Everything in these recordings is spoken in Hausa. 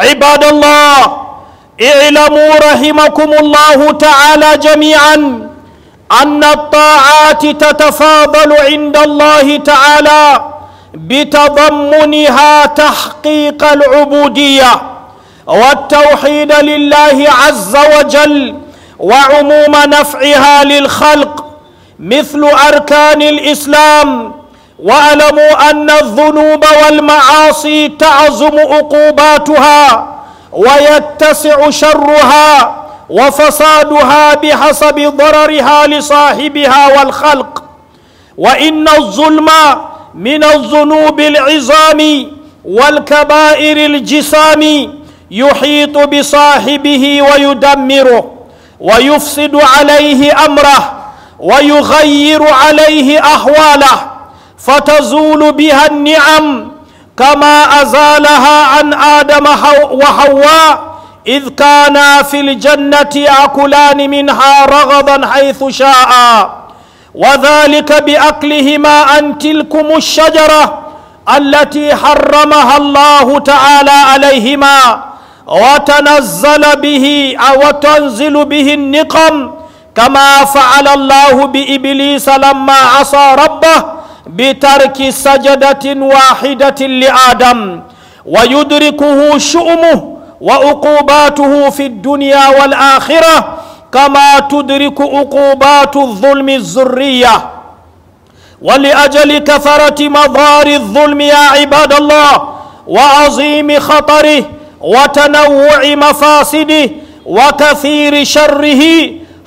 عباد الله اعلموا رحمكم الله تعالى جميعا أن الطاعات تتفاضل عند الله تعالى بتضمنها تحقيق العبودية والتوحيد لله عز وجل وعموم نفعها للخلق مثل أركان الإسلام واعلموا أن الذنوب والمعاصي تعظم عقوباتها ويتسع شرها وفسادها بحسب ضررها لصاحبها والخلق وإن الظلم من الذنوب العظام والكبائر الجسام يحيط بصاحبه ويدمره ويفسد عليه أمره ويغير عليه أحواله فتزول بها النعم كما أزالها عن آدم وحواء إذ كانا في الجنة يأكلان منها رغدا حيث شاء وذلك بأكلهما عن تلكم الشجرة التي حرمها الله تعالى عليهما وتنزل به وتنزل به النقم كما فعل الله بإبليس لما عصى ربه بترك سجدة واحدة لآدم ويدركه شؤمه وعقوباته في الدنيا والآخرة كما تدرك عقوبات الظلم الزرية ولأجل كثرة مضار الظلم يا عباد الله وعظيم خطره وتنوع مفاسده وكثير شره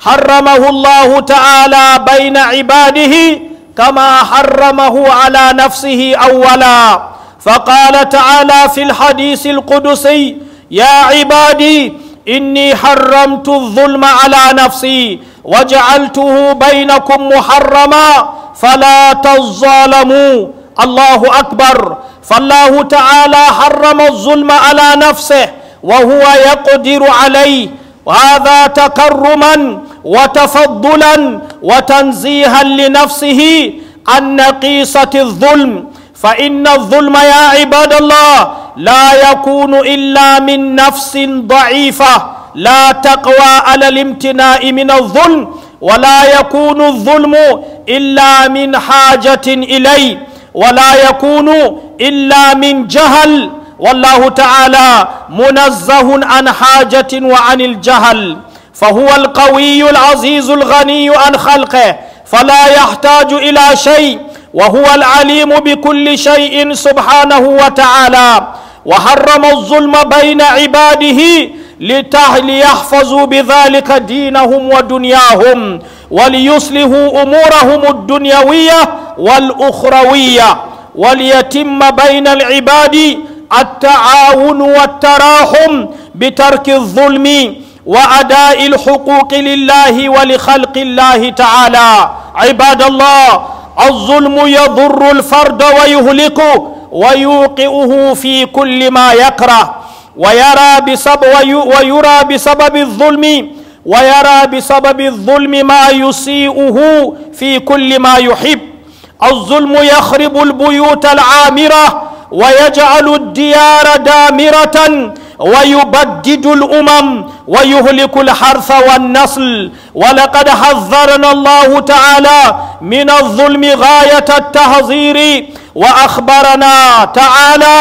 حرمه الله تعالى بين عباده كما حرمه على نفسه أولا فقال تعالى في الحديث القدسي يا عبادي إني حرمت الظلم على نفسي وجعلته بينكم محرما فلا تظالموا الله أكبر فالله تعالى حرم الظلم على نفسه وهو يقدر عليه وهذا تكرما وتفضلا وتنزيها لنفسه عن نقيصة الظلم فإن الظلم يا عباد الله لا يكون إلا من نفس ضعيفة لا تقوى على الامتناء من الظلم ولا يكون الظلم إلا من حاجة إليه ولا يكون إلا من جهل والله تعالى منزه عن حاجة وعن الجهل فهو القوي العزيز الغني عن خلقه فلا يحتاج إلى شيء وهو العليم بكل شيء سبحانه وتعالى وحرم الظلم بين عباده ليحفظوا بذلك دينهم ودنياهم وليصلحوا أمورهم الدنيوية والأخروية وليتم بين العباد التعاون والتراحم بترك الظلم واداء الحقوق لله ولخلق الله تعالى عباد الله الظلم يضر الفرد ويهلكه ويوقئه في كل ما يكره ويرى بسبب ويرى بسبب الظلم ويرى بسبب الظلم ما يسيئه في كل ما يحب الظلم يخرب البيوت العامره ويجعل الديار دامره ويبدد الأمم ويهلك الحرث والنسل ولقد حذرنا الله تعالى من الظلم غاية التحذير وأخبرنا تعالى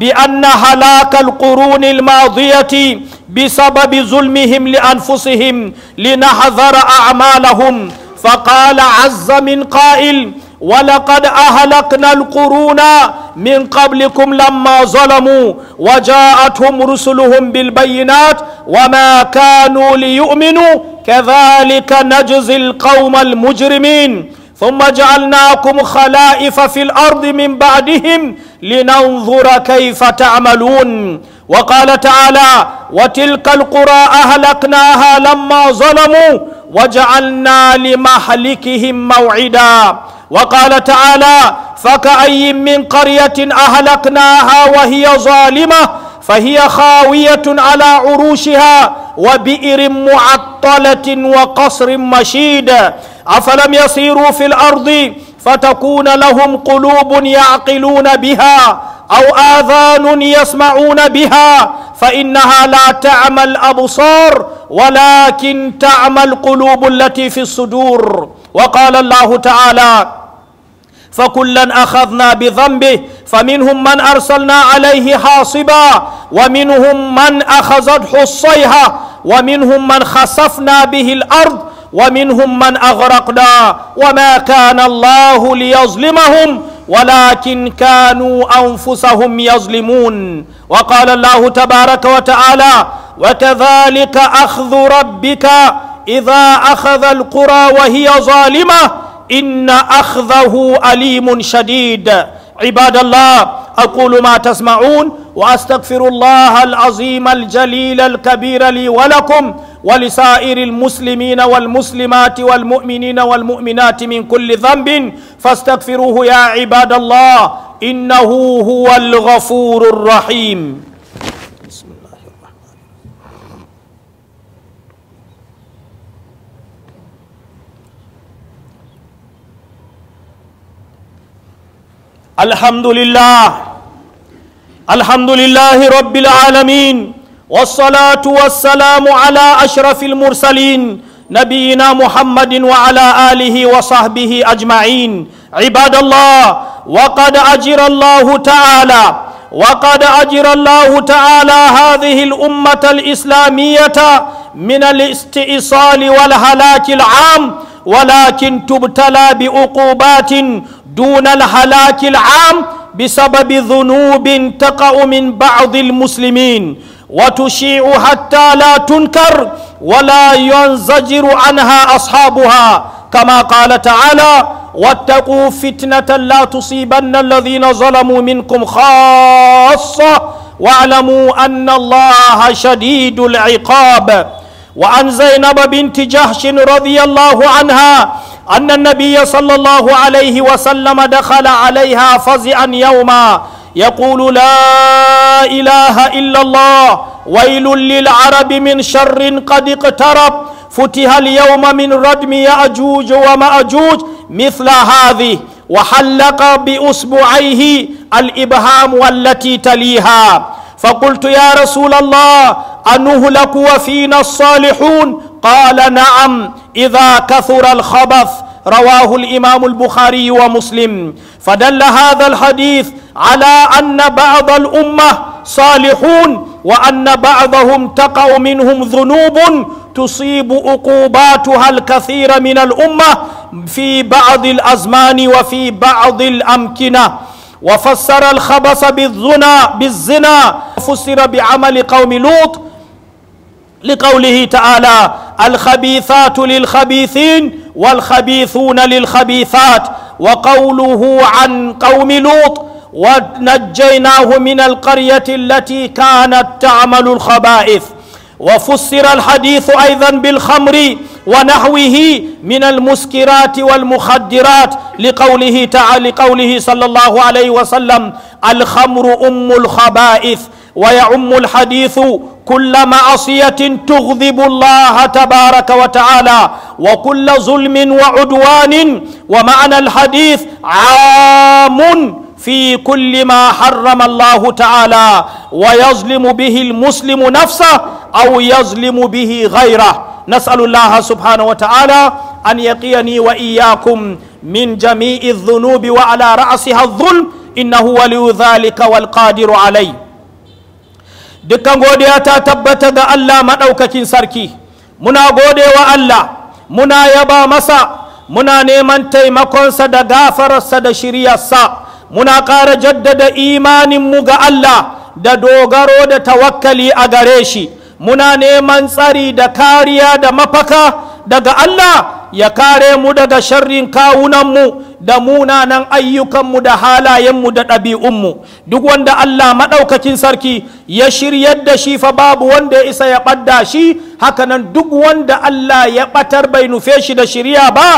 بأن هلاك القرون الماضية بسبب ظلمهم لأنفسهم لنحذر أعمالهم فقال عز من قائل ولقد أهلكنا القرون من قبلكم لما ظلموا وجاءتهم رسلهم بالبينات وما كانوا ليؤمنوا كذلك نجزي القوم المجرمين ثم جعلناكم خلائف في الأرض من بعدهم لننظر كيف تعملون وقال تعالى وتلك القرى أهلكناها لما ظلموا وجعلنا لمهلكهم موعدا وقال تعالى فكأي من قرية أهلكناها وهي ظالمة فهي خاوية على عروشها وبئر معطلة وقصر مشيد أفلم يسيروا في الأرض فتكون لهم قلوب يعقلون بها أو آذان يسمعون بها فإنها لا تعمى الأبصار ولكن تعمى القلوب التي في الصدور وقال الله تعالى فكلا أخذنا بذنبه فمنهم من أرسلنا عليه حاصبا ومنهم من أخذته الصيحة ومنهم من خسفنا به الأرض ومنهم من أغرقنا وما كان الله ليظلمهم ولكن كانوا أنفسهم يظلمون وقال الله تبارك وتعالى وكذلك أخذ ربك إذا أخذ القرى وهي ظالمة إن أخذه أليم شديد عباد الله أقول ما تسمعون وأستغفر الله العظيم الجليل الكبير لي ولكم ولسائر المسلمين والمسلمات والمؤمنين والمؤمنات من كل ذنب فاستغفروه يا عباد الله إنه هو الغفور الرحيم بسم الله الرحمن الحمد لله الحمد لله رب العالمين والصلاة والسلام على أشرف المرسلين نبينا محمد وعلى آله وصحبه أجمعين عباد الله وقد أجر الله تعالى وقد أجر الله تعالى هذه الأمة الإسلامية من الاستئصال والهلاك العام ولكن تبتلى بعقوبات دون الهلاك العام بسبب ذنوب تقع من بعض المسلمين وتشيع حتى لا تنكر ولا ينزجر عنها أصحابها كما قال تعالى واتقوا فتنة لا تصيبن الذين ظلموا منكم خاصة واعلموا أن الله شديد العقاب وعن زينب بنت جهش رضي الله عنها أن النبي صلى الله عليه وسلم دخل عليها فزعا يوما يقول لا إله إلا الله ويل للعرب من شر قد اقترب فتح اليوم من ردم يأجوج ومأجوج مثل هذه وحلق بأسبوعيه الإبهام والتي تليها فقلت يا رسول الله أنهلك وفينا الصالحون قال نعم إذا كثر الخبث رواه الإمام البخاري ومسلم فدل هذا الحديث على أن بعض الأمة صالحون وأن بعضهم تقع منهم ذنوب تصيب عقوباتها الكثير من الأمة في بعض الأزمان وفي بعض الأمكنة وفسر الخبث بالزنا بالزنا فسر بعمل قوم لوط لقوله تعالى الخبيثات للخبيثين والخبيثون للخبيثات وقوله عن قوم لوط ونجيناه من القرية التي كانت تعمل الخبائث وفسر الحديث أيضا بالخمر ونحوه من المسكرات والمخدرات لقوله تعالى لقوله صلى الله عليه وسلم الخمر أم الخبائث ويعم الحديث كل معصية تغضب الله تبارك وتعالى وكل ظلم وعدوان ومعنى الحديث عام في كل ما حرم الله تعالى ويظلم به المسلم نفسه أو يظلم به غيره نسأل الله سبحانه وتعالى أن يقيني وإياكم من جميع الذنوب وعلى رأسها الظلم إنه ولي ذلك والقادر عليه dukkan godiya ta tabbata ga Allah maɗaukakin sarki muna godewa Allah muna yaba masa muna neman taimakonsa da gafararsa da shiryarsa muna ƙara jaddada imaninmu ga Allah da dogaro da tawakkali a gare shi muna neman tsari da kariya da mafaka daga Allah ya kare mu daga sharrin kawunanmu da munanan ayyukanmu da halayenmu da ɗabi'unmu duk wanda Allah maɗaukakin sarki ya shiryar da shi fa babu wanda ya isa ya ɓadda shi hakanan duk wanda Allah ya ɓatar bai nufe shi da shirya ba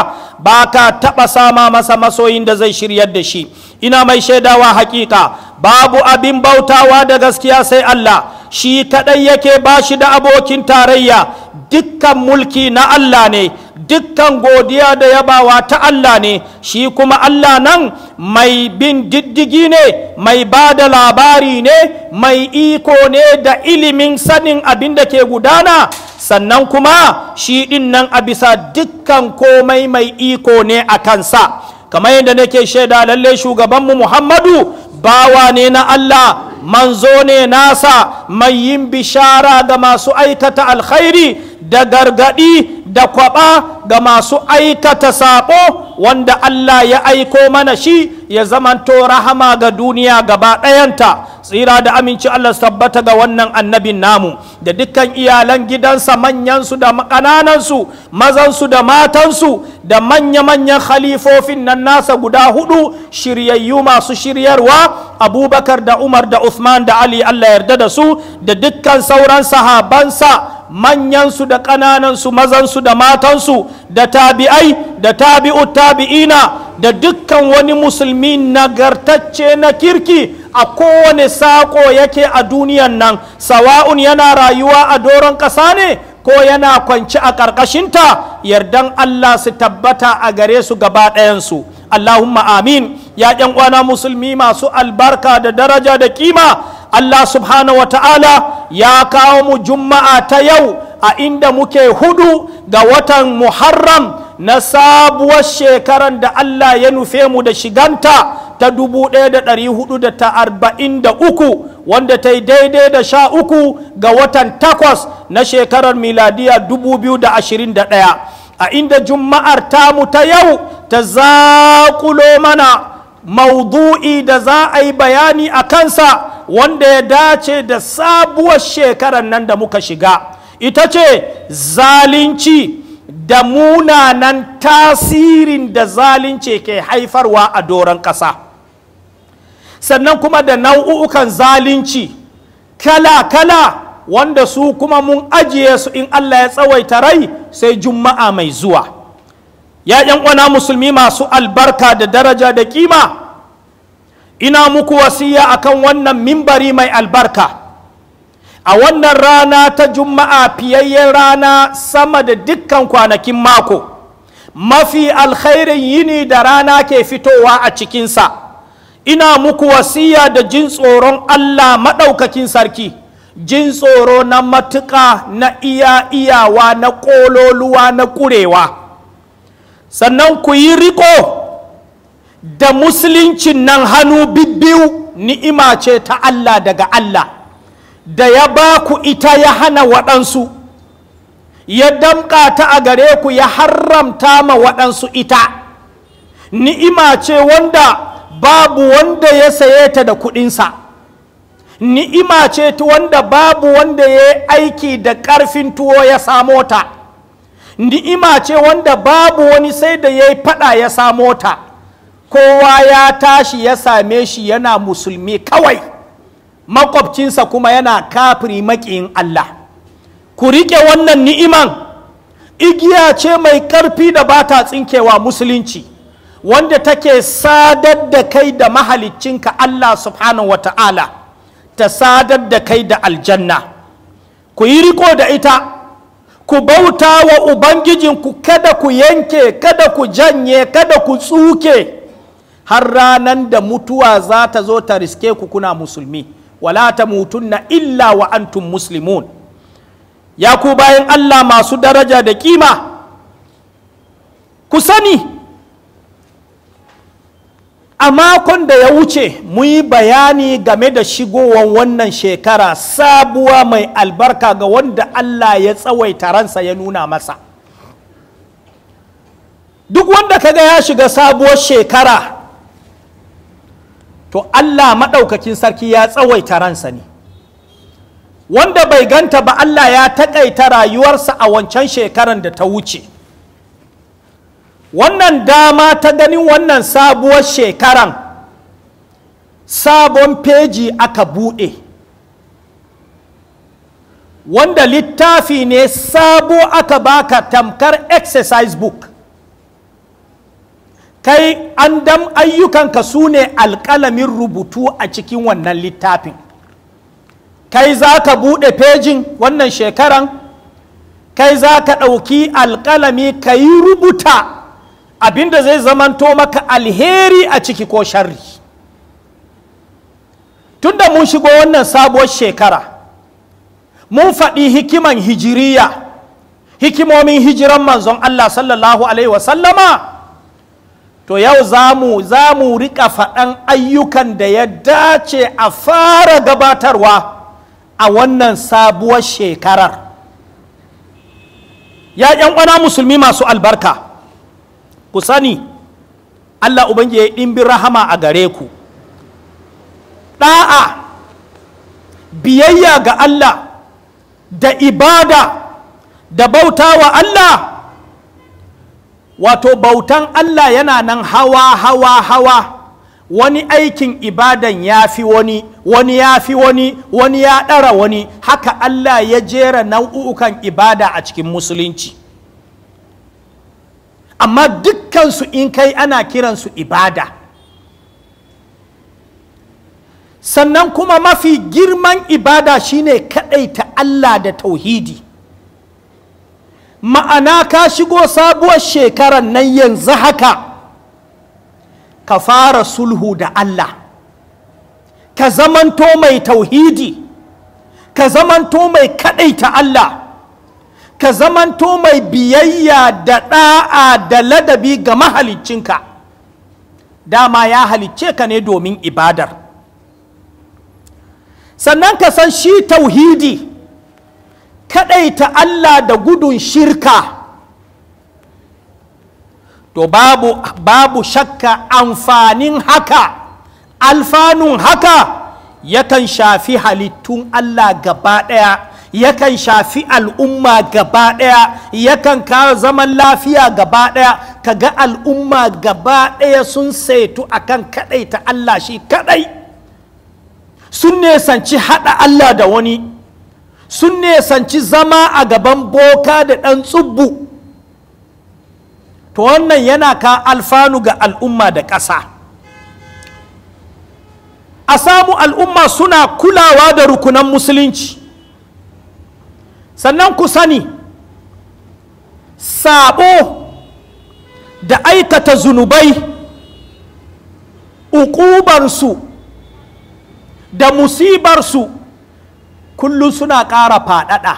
ba ka taɓa sama masa masoyin da zai shiryar da shi ina mai shaidawa hakika babu abin bautawa da gaskiya sai Allah shi kaɗai yake ba shi da abokin tarayya dukkan mulki na Allah ne dukkan godiya da yabawa ta Allah ne shi kuma Allah nan mai bin diddigi ne mai ba da labari ne mai iko ne da ilimin sanin abin da ke gudana sannan kuma shi din nan a bisa dukkan komai mai iko ne a kansa kamar yadda nake shaida lalle shugabanmu Muhammadu bawa ne na Allah manzo ne nasa mai yin bishara ga masu aikata alkhairi da gargadi da kwaba ga masu aikata sako wanda Allah ya aiko mana shi ya zamanto rahama ga duniya gaba ɗayanta tsira da aminci Allah tabbata ga wannan annabin namu da dukkan iyalan gidansa manyansu da ƙananansu mazansu da matansu da manya-manyan khalifofin nan nasa guda hudu shiryayyu masu shiryarwa abubakar da umar da usman da ali Allah yarda da su da dukkan sauran sahabansa manyansu da ƙananansu mazansu da matansu da tabi'ai da tabi'u tabi'ina da dukkan wani musulmi nagartacce na kirki a kowane saƙo yake a duniyan nan sawa'un yana rayuwa a doron ƙasa ne ko yana kwanci a ƙarƙashinta yardan Allah su tabbata a gare su gaba ɗayansu Allahumma amin ya uwana musulmi masu albarka da daraja da kima Allah subhanahu wata'ala ya kawo mu juma'a ta yau a inda muke hudu ga watan muharram na sabuwar shekaran da Allah ya nufe mu da shiganta ta 1443 wanda ta yi daidai da sha uku ga watan takwas na shekarar miladiya ɗaya a inda juma'ar tamu ta yau ta zaƙulo mana maudu'i da za a yi bayani a kansa wanda ya dace da sabuwar shekarar nan da muka shiga ita ce zalunci da munanan tasirin da zalunci ke haifarwa a doron ƙasa sannan kuma da nau'ukan zalunci kala-kala wanda su kuma mun ajiye su in Allah ya tsawaita rai sai juma'a mai zuwa ya uwana musulmi masu albarka da daraja da kima ina muku wasiya akan wannan mimbari mai albarka a wannan rana ta juma'a fiyayyen rana sama da dukkan kwanakin mako mafi alkhairin yini da rana ke fitowa a cikinsa ina muku wasiya da jin tsoron allah maɗaukakin sarki jin tsoro na matuƙa na iya iyawa na ƙololuwa na ƙurewa sannan ku yi riko da musuluncin nan hannu bibbiyu ni'ima ce ta Allah daga Allah da ya ba ku ita ya hana waɗansu ya damƙa ta a gare ku ya haramta ma waɗansu ita ni'ima ce wanda babu wanda ya saye ta da kuɗinsa ni'ima ce ta wanda babu wanda ya yi aiki da ƙarfin tuwo ya samo ta ni'ima ce wanda babu wani sai da ya yi faɗa ya samo ta kowa ya tashi ya same shi yana musulmi kawai makwabcinsa kuma yana kafiri maƙiyin Allah ku riƙe wannan ni'iman igiya ce mai ƙarfi da ba ta tsinkewa musulunci wanda take sadar da kai da mahaliccinka Allah subhanahu wa ta'ala ta sadar da kai da aljanna ku yi riko da ita ku bauta wa ubangijinku kada ku yanke kada ku janye kada ku tsuke har ranan da mutuwa za ta zo ta riske ku kuna musulmi wala ta na illa wa antum muslimun ya ku bayan Allah masu daraja da kima ku sani a makon da ya wuce mu yi bayani game da shigowar wannan shekara sabuwa mai albarka ga wanda Allah ya tsawaita ransa ya nuna masa duk wanda kaga ya shiga sabuwar shekara to Allah maɗaukakin sarki ya tsawaita ransa ne wanda bai ganta ba Allah ya taƙaita rayuwarsa a wancan shekaran da ta wuce wannan dama ta ganin wannan sabuwar shekaran sabon feji aka buɗe wanda littafi ne sabo aka baka tamkar exercise book kai an dam ayyukanka su ne alƙalamin rubutu a cikin wannan littafin kai za ka buɗe fejin wannan shekaran kai za ka ɗauki alkalami ka yi rubuta abinda zai zamanto maka alheri a ciki ko sharri tunda mun shigo wannan sabuwar shekara mun faɗi hikiman hijiriya hikimomin hijiran manzon Allah sallallahu alaihi wasallama to yau za mu za mu rika faɗan ayyukan da ya dace a fara gabatarwa a wannan sabuwar shekarar ya ƴan ƙwana musulmi masu albarka ku sani Allah ubangiji ya ɗimbin rahama a gare ku ɗa'a biyayya ga Allah da ibada da bauta wa Allah wato bautan Allah yana nan hawa hawa hawa wani aikin ibadan ya fi wani wani ya fi wani wani ya ɗara wani haka Allah ya jera nau'ukan ibada a cikin musulunci amma dukkansu in kai ana kiransu ibada sannan kuma mafi girman ibada shine kaɗaita Allah da tauhidi ma'ana ka shigo sabuwar shekarar nan yanzu haka ka fara sulhu da Allah ka zamanto mai tauhidi ka zamanto mai ta Allah ka zamanto mai biyayya da ɗa'a da ladabi ga mahaliccinka dama ya halicce ka ne domin ibadar sannan ka san shi tauhidi kaɗaita Allah da gudun shirka to babu, babu shakka amfanin haka alfanun haka yakan shafi halittun Allah gaba ɗaya yakan shafi al'umma gaba ɗaya yakan kawo zaman lafiya gaba ɗaya kaga al'umma gaba ɗaya sun saitu akan kaɗaita Allah shi kaɗai sun nesanci haɗa Allah da wani sun nesanci zama a gaban boka da ɗan tsubbu to wannan yana ka alfanu ga al'umma da ƙasa a samu al'umma suna kulawa da rukunan musulunci sannan ku sani sabo da aikata zunubai ukubarsu, da musibarsu kullum suna ƙara faɗaɗa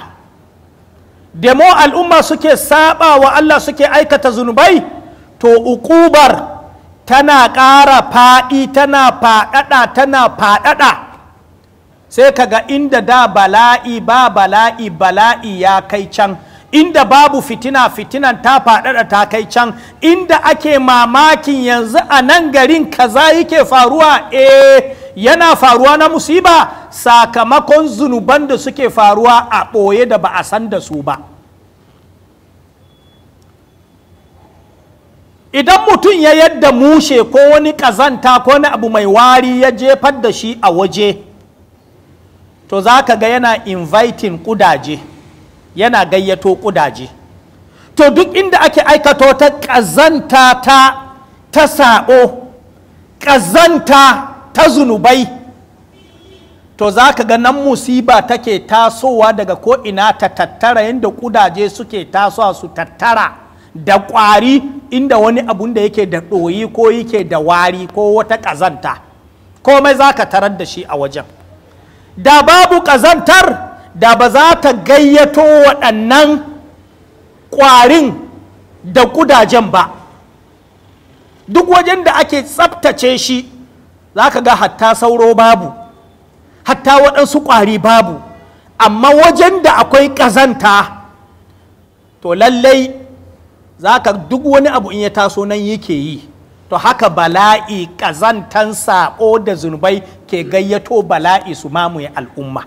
demo al'umma suke saba wa Allah suke aikata zunubai to uƙubar tana ƙara faɗi tana faɗaɗa tana faɗaɗa sai kaga inda da bala'i ba bala'i bala'i ya kai can inda babu fitina fitinan ta faɗaɗa ta kai can inda ake mamakin yanzu a nan garin kaza yake faruwa eh yana faruwa na musiba sakamakon zunuban da suke faruwa a ɓoye da ba a san da su ba idan mutum ya yadda mushe ko wani ƙazanta ko wani abu mai wari ya jefar da shi a waje to za ka ga yana inviting kudaje yana gayyato kudaje to duk inda ake aikato ta ƙazanta ta ta saɓo ƙazanta ta zunubai to za ka ga nan musiba take tasowa daga ko'ina ta tattara yadda kudaje suke tasowa su tattara da ƙwari inda wani abun da yake da ɗoyi ko yake da wari ko wata ƙazanta komai za ka tarar da shi a wajen da babu ƙazantar da ba za ta gayyato waɗannan ƙwarin da ƙudajen ba duk wajen da ake tsabtace shi za ka ga hatta sauro babu hatta waɗansu ƙwari babu amma wajen da akwai ƙazanta to lallai za ka duk wani abu in ya taso nan yake yi to haka bala'i ƙazantan saƙo da zunubai ke gayyato bala'i su mamaye al'umma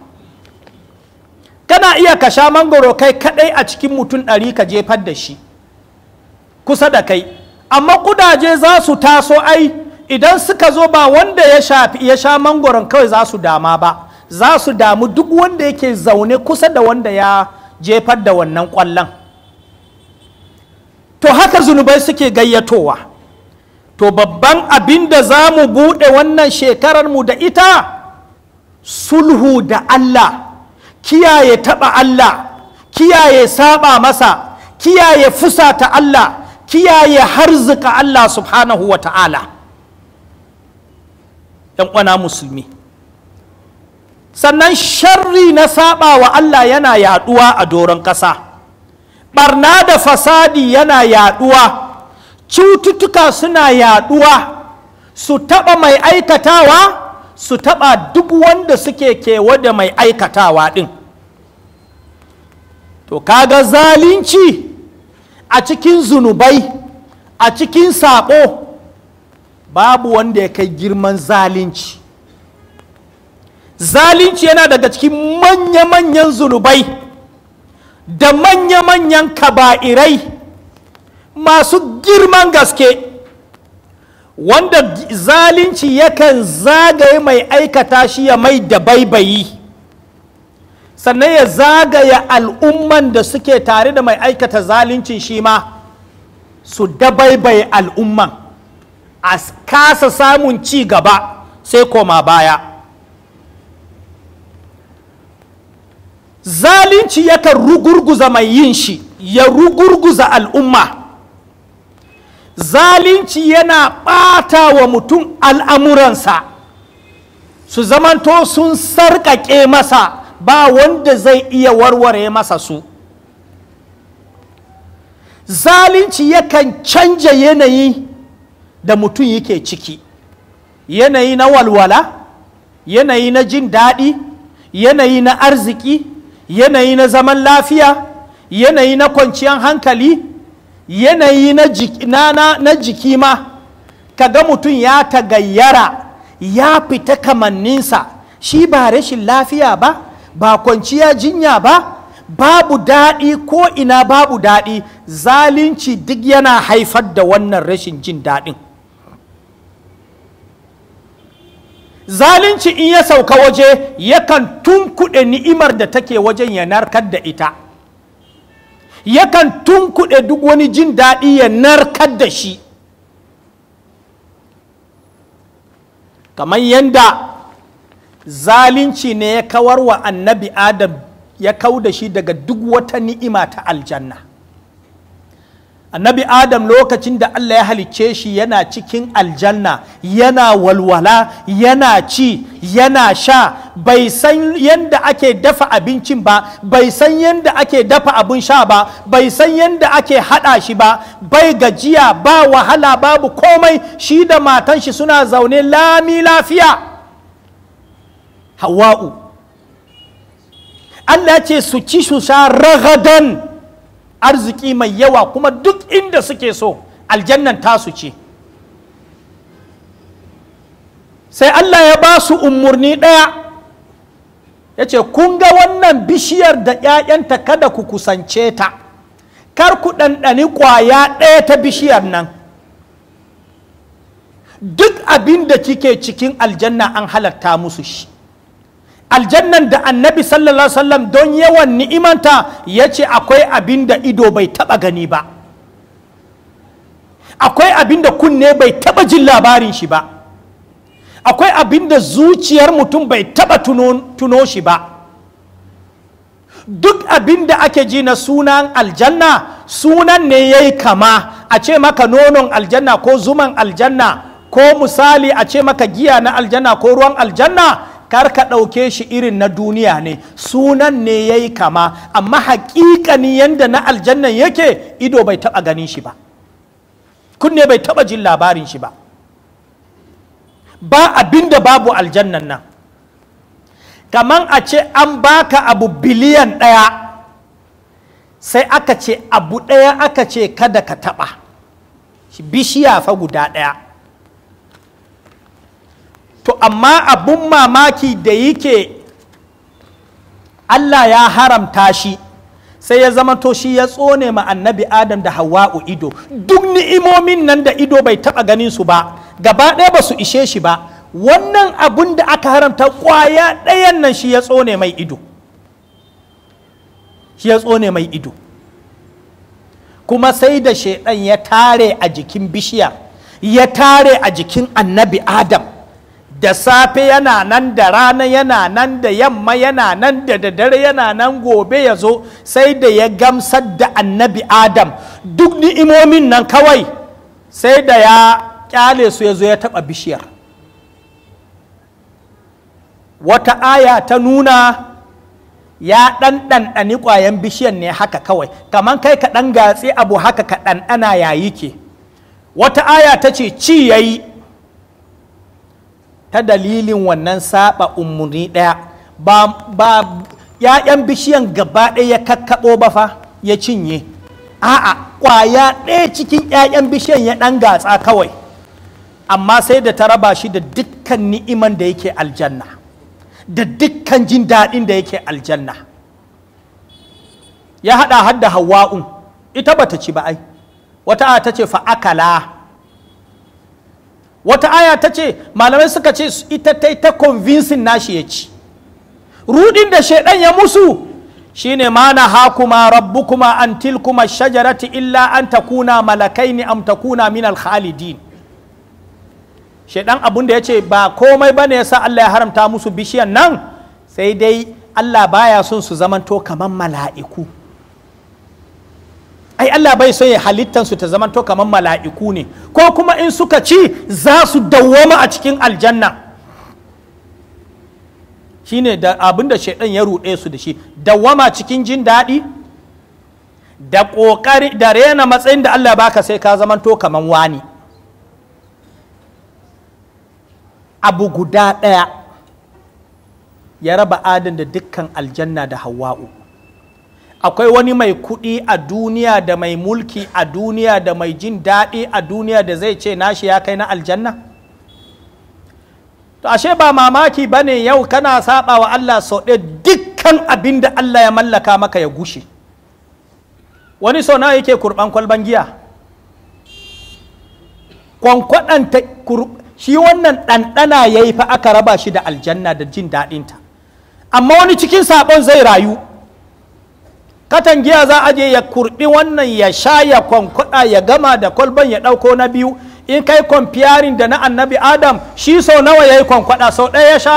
kana iya ka sha mangoro kai kaɗai a cikin mutum ɗari ka jefar da shi kusa da kai amma kudaje za su taso ai idan suka zo ba wanda ya shafi ya sha mangoron kawai za su dama ba za su damu duk wanda yake zaune kusa da wanda ya jefar da wannan kwallon to haka zunubai suke gayyatowa to babban abin da za mu buɗe wannan shekarar mu da ita sulhu da Allah kiyaye taɓa Allah kiyaye saba masa kiyaye fusata Allah kiyaye harzuka Allah subhanahu wa ta'ala 'yan kwana musulmi sannan sharri na saba wa Allah yana yaduwa a doron ƙasa ɓarna da fasadi yana yaduwa cututtuka suna yaduwa su taɓa mai aikatawa su taɓa duk wanda suke kewa da mai aikatawa ɗin to kaga zalunci a cikin zunubai a cikin saɓo babu wanda ya kai girman zalunci Zalinci yana daga cikin manya-manyan zunubai da manya-manyan kaba'irai masu girman gaske wanda zalunci yakan zagaye mai aikata shi ya mai da baibayi sannan ya zagaya al'umman da suke tare da mai aikata zaluncin shi ma su dabaibaye al'umman a kasa samun ci gaba sai koma baya zalunci yakan rugurguza mai yin shi ya rugurguza al'umma zalunci yana ɓata wa mutum al'amuransa su zamanto sun sarƙaƙe masa ba wanda zai iya warware masa su zalunci yakan canja yanayi da mutum yake ciki yanayi na walwala yanayi na jin daɗi yanayi na arziki yanayi na zaman lafiya yanayi na kwanciyar hankali yanayi na jiki, na, na, na jiki ma kaga mutum ya tagayyara ya fita kamanninsa shi ba rashin lafiya ba ba kwanciya jinya ba babu daɗi ko ina babu daɗi zalunci duk yana haifar da wannan rashin jin daɗin zalunci in ya sauka waje yakan tunkuɗe ni'imar da take wajen ya narkar da ita yakan tunkuɗe duk wani jin daɗi ya narkar da shi kamar yadda zalunci ne ya kawar wa annabi adam ya kau da shi daga duk wata ni'ima ta aljanna annabi adam lokacin da allah ya halicce shi yana cikin aljanna yana walwala yana ci yana sha bai san yadda ake dafa abincin ba bai san yadda ake dafa abin sha ba bai san yadda ake hada shi ba bai gajiya ba wahala babu komai shi da matan shi suna zaune lami lafiya hawa'u allah ce su ci su sha ragadan arziki mai yawa kuma duk inda suke so aljannan tasu ce sai Allah ya ba su umarni ɗaya ya ce kun ga wannan bishiyar da ‘ya'yanta kada ku kusance ta kar ku ɗanɗani ƙwaya ɗaya ta bishiyar nan duk abin da kike cikin aljanna an halatta musu shi aljannan da annabi sallallahu alaihi wasallam don yawan ni'imanta ya ce akwai abin da ido bai taba gani ba akwai abin da kunne bai taba jin labarin shi ba akwai abin da zuciyar mutum bai taba tuno shi ba duk abin da ake ji na sunan aljanna sunan ne ya yi kama a ce maka nonon aljanna ko zuman aljanna ko misali a ce maka giya na aljanna ko ruwan aljanna kar ka ɗauke shi irin na duniya ne sunan ne ya yi kama amma haƙiƙani yadda na aljannan yake ido bai taɓa ganin shi ba kunne bai taɓa jin labarin shi ba ba abin da babu aljannan nan kaman a ce an baka abu biliyan ɗaya sai aka ce abu ɗaya aka ce kada ka taɓa bishiya fa guda ɗaya to amma abun mamaki da yake Allah ya haramta shi sai ya zama to shi ya tsone ma annabi adam da hawa'u ido duk ni'imomin nan da ido bai taba ganin su ba gaba ɗaya ba su ishe shi ba wannan abun da aka haramta kwaya ɗayan nan shi ya tsone mai ido shi ya tsone mai ido kuma sai da shaidan ya tare a jikin bishiya ya tare a jikin annabi adam da safe yana nan da rana yana nan da yamma yana nan da daddare yana nan gobe ya zo sai da ya gamsar da annabi adam duk ni'imomin nan kawai sai da ya kyale su ya zo ya taɓa bishiyar wata aya ta nuna ya ɗan ɗanɗani ƙwayan bishiyar ne haka kawai kamar kai ka ɗan gatsi abu haka ka ɗanɗana yayi ke wata aya ta ce ci yayi ta dalilin wannan saba umarni ɗaya ba ba ya'yan bishiyan gaba ɗaya ya kakkaɓo ba fa ya cinye a'a ƙwaya ɗaya cikin ya'yan bishiyan ya ɗan gatsa kawai amma sai da ta raba shi da dukkan ni'iman da yake aljanna da dukkan jin daɗin da yake aljanna ya haɗa hadda hawa'un ita bata ci ba ai wata ta ce fa akala. wata aya ta ce malamai suka ce ita ta ta convincing nashi ya ci rudin da shaidan ya musu shine ma na hakuma rabbukuma an tilkuma shajarati illa an takuna ni am takuna min alhalidin shaidan abun da ya ce ba komai bane yasa Allah ya haramta musu bishiyan nan sai dai Allah baya son su zamanto kamar mala'iku ai Allah bai so ya halittan su ta zamanto kamar mala'iku ne ko kuma in suka ci za su dawwama a cikin aljanna shine da abinda shaidan ya ruɗe su da shi dawwama cikin jin daɗi da ƙoƙari da rena matsayin da Allah baka sai ka zamanto kamar wani abu guda ɗaya ya raba adana da dukkan aljanna da hawa'u akwai wani mai kuɗi a duniya da mai mulki a duniya da mai jin daɗi a duniya da zai ce nashi ya kai na aljanna to ashe ba mamaki ba ne yau kana saba wa Allah sau ɗaya dukkan abin da Allah ya mallaka maka ya gushe wani so nawa yake kurban kwalban giya kwankwaɗanta shi wannan ɗanɗana ya yi fa aka raba shi da aljanna da jin daɗinta amma wani cikin saɓon zai rayu katan giya za a je ya kurbi wannan ya sha ya kwankwada ya gama da kwalban ya dauko na biyu in kai kwamfiyarin da na annabi adam shi sau nawa ya yi kwankwada sau ɗaya ya sha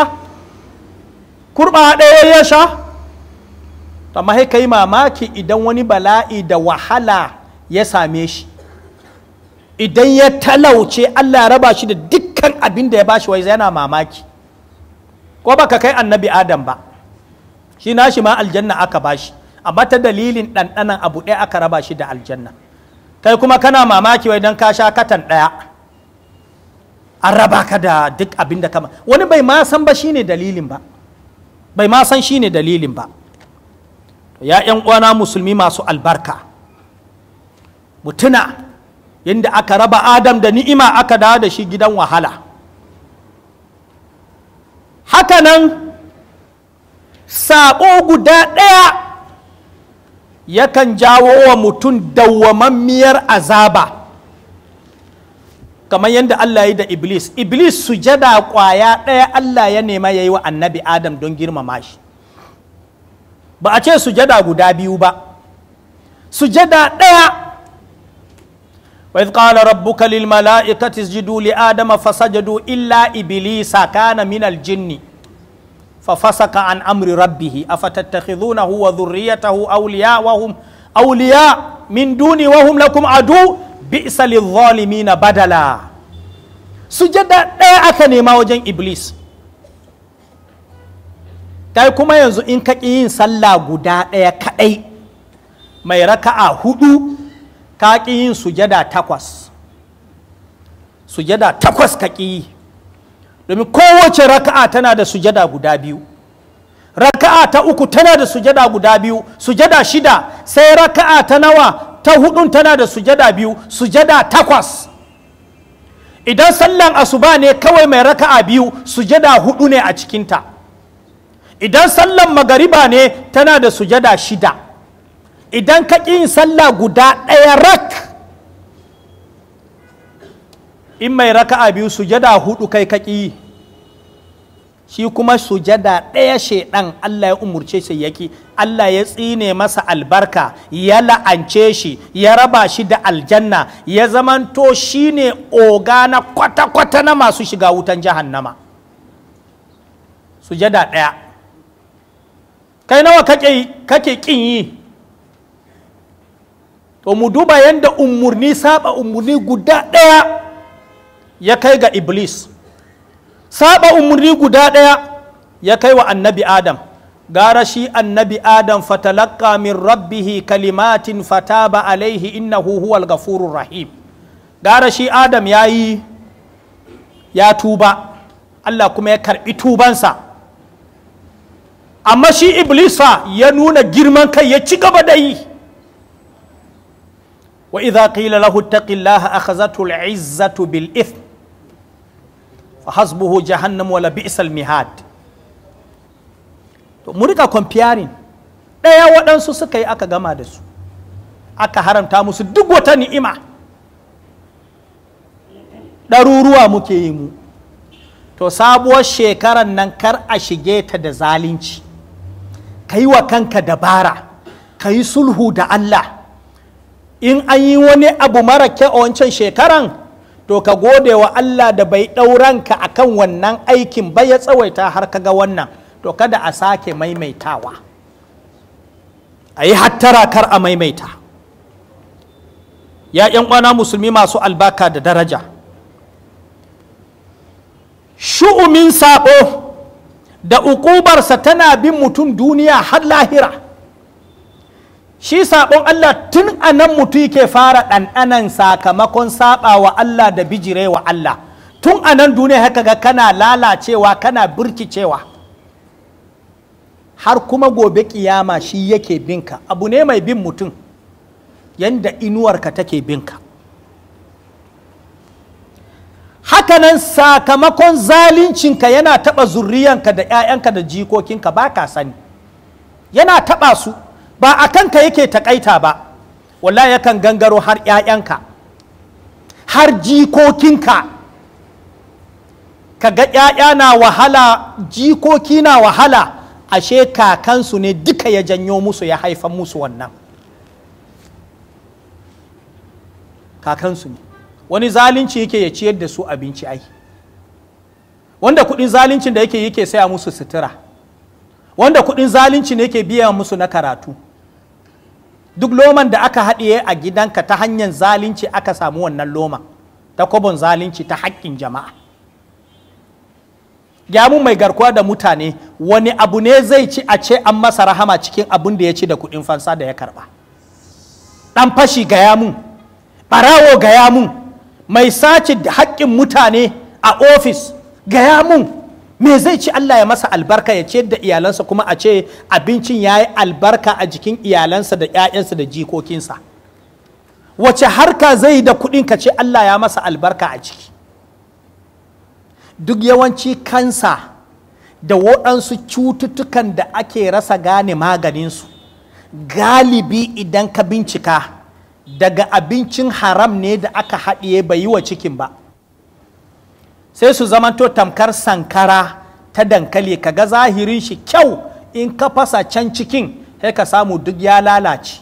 kurba ɗaya ya sha ta kai mamaki idan wani bala'i da wahala ya same shi idan ya talauce Allah ya raba shi da dukkan abin da ya bashi wai yana mamaki ko ka kai annabi adam ba shi nashi ma aljanna aka bashi A mata dalilin ɗanɗanan abu ɗaya aka raba shi da aljanna kai kuma kana mamaki wai don ka sha katan ɗaya an raba ka da duk abin da kama wani bai ma san ba ne dalilin ba bai ma san ne dalilin ba ya yan uwana musulmi masu albarka mutuna yadda aka raba adam da ni'ima aka dawo da shi gidan wahala hakanan saɓo guda ɗaya yakan jawo wa mutum dawwamammiyar azaba kamar yadda Allah ya yi da Iblis Iblis sujada kwaya ɗaya Allah ya nema ya yi wa annabi Adam don girmama shi ba a ce sujada guda biyu ba sujada ɗaya وإذ قال ربك للملائكة اسجدوا لآدم فسجدوا إلا إبليس كان من الجن ففسق عن أمر ربه أفتتخذونه وذريته أولياء وهم أولياء من دوني وهم لكم عدو بئس للظالمين بدلا سجد ɗaya aka nema wajen Iblis kai kuma yanzu in kaƙi yin sallah guda ɗaya kaɗai mai raka'a hudu ka ƙi yin sujada takwas sujada takwas ka ƙi yi domin kowace raka'a tana da sujada guda biyu raka'a ta uku tana da sujada guda biyu sujada shida sai raka'a ta nawa ta hudun tana da sujada biyu sujada takwas idan sallan asuba ne kawai mai raka'a biyu sujada hudu ne a cikinta idan sallan magariba ne tana da sujada shida idan ka ƙi yin sallah guda ɗaya rak in mai raka'a biyu sujada hudu kai kaki shi kuma sujada ɗaya shaidan Allah ya umurce shi yaki Allah ya tsine masa albarka ya la'ance shi ya raba shi da aljanna ya zamanto shine oga na kwata-kwata na masu shiga wutan jahannama sujada ɗaya kai nawa kake kin yi to mu duba yadda umurni saba umurni guda ɗaya ya kai ga iblis saba umarni guda ɗaya ya kai wa annabi adam gara shi annabi adam fatalakka min rabbihi kalimatin fataba alaihi innahu huwal gafurur rahim gara shi adam ya yi ya tuba allah kuma ya karbi tubansa amma shi iblis fa ya nuna girman kai ya ci gaba da yi wa idza qila lahu ittaqillaha akhazatu al-izzatu bil ithm hasbuhu jahannam wala bi'sal mihad to mu rika comparing ɗaya waɗansu suka yi aka gama da su aka haramta musu duk wata ni'ima ɗaruruwa muke yi mu to sabuwar shekaran nan kar a shige ta da zalunci ka yi wa kanka dabara ka yi sulhu da Allah in an yi wani abu mara kyau a wancan shekaran to ka gode wa Allah da bai ɗauranka a kan wannan aikin ba ya tsawaita har ka ga wannan to kada a sake maimaitawa a yi hattara kar a maimaita ya ‘yan kwana musulmi masu albaka da daraja shu'umin saɓo da ukubarsa tana bin mutum duniya har lahira shi saɓon Allah tun a nan mutu yake fara ɗanɗanan sakamakon saɓa wa Allah da bijire wa Allah tun a nan duniya haka ga kana lalacewa kana birkicewa har kuma gobe kiyama shi yake binka abu ne mai bin mutum yadda inuwarka take binka Haka nan sakamakon zalincinka yana taɓa zurriyanka da 'ya'yanka da jikokinka ba ka sani yana taɓa su ba a kanka yake takaita ba wallahi yakan gangaro har 'ya'yanka har jikokinka ka ga 'ya'ya na wahala jikoki na wahala ashe kakansu ne duka ya janyo musu ya haifan musu wannan kakansu ne wani zalunci yake ya ciyar da su abinci ai wanda kudin zaluncin da yake yake saya musu sutura wanda kudin zalunci ne yake biya musu na karatu duk loman da aka haɗiye a gidanka ta hanyar zalunci aka samu wannan loma ta kwabon zalunci ta haƙƙin jama'a gyamun mai garkuwa da mutane wani abu ne zai ci a ce an masa rahama cikin abin da ya ci da kuɗin fansa da ya karɓa ɗan fashi ga yamun ɓarawo ga yamun mai sace haƙƙin mutane a ofis ga yamun me zai ci Allah ya masa albarka ya ce da iyalansa kuma a ce abincin ya yi albarka a jikin iyalansa da 'ya'yansa da jikokinsa wace harka zai da kuɗin ka ce Allah ya masa albarka a ciki duk yawanci kansa da waɗansu cututtukan da ake rasa gane maganinsu galibi idan ka bincika daga abincin haram ne da aka haɗiye bai yi wa cikin ba sai su zamanto tamkar sankara ta dankali ka ga zahirin shi kyau in ka fasa can cikin sai ka samu duk ya lalace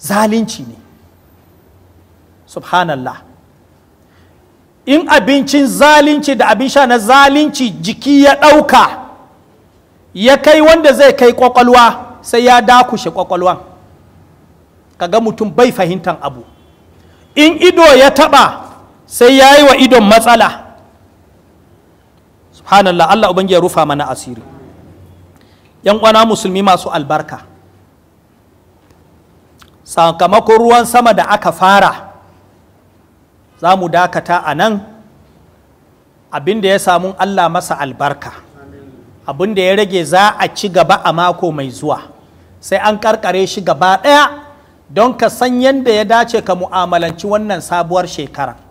zalunci ne subhanallah in abincin zalunci da abin sha na zalunci jiki ya ɗauka ya kai wanda zai kai ƙwaƙwalwa sai ya dakushe kwakwalwan kaga mutum bai fahimtan abu in ido ya taɓa sai ya yi wa idon matsala subhanallah Allah ubangi ya rufa mana asiri yan kwana musulmi masu albarka sakamakon ruwan sama da aka fara za mu dakata a nan abin da ya samu Allah masa albarka abin da ya rage za a ci gaba a mako mai zuwa sai an karkare shi gaba ɗaya don ka san yadda ya dace ka mu'amalanci wannan sabuwar shekara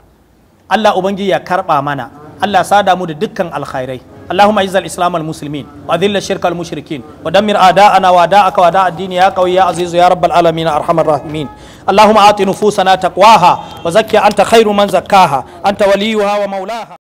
Allah ubangiji ya karba mana Allah sada mu da dukkan alkhairai اللهم اعز الاسلام والمسلمين واذل الشرك المشركين ودمر اعداءنا واعداءك واعداء الدين يا قوي يا عزيز يا رب العالمين ارحم الراحمين اللهم اعط نفوسنا تقواها وزكي انت خير من زكاها انت وليها ومولاها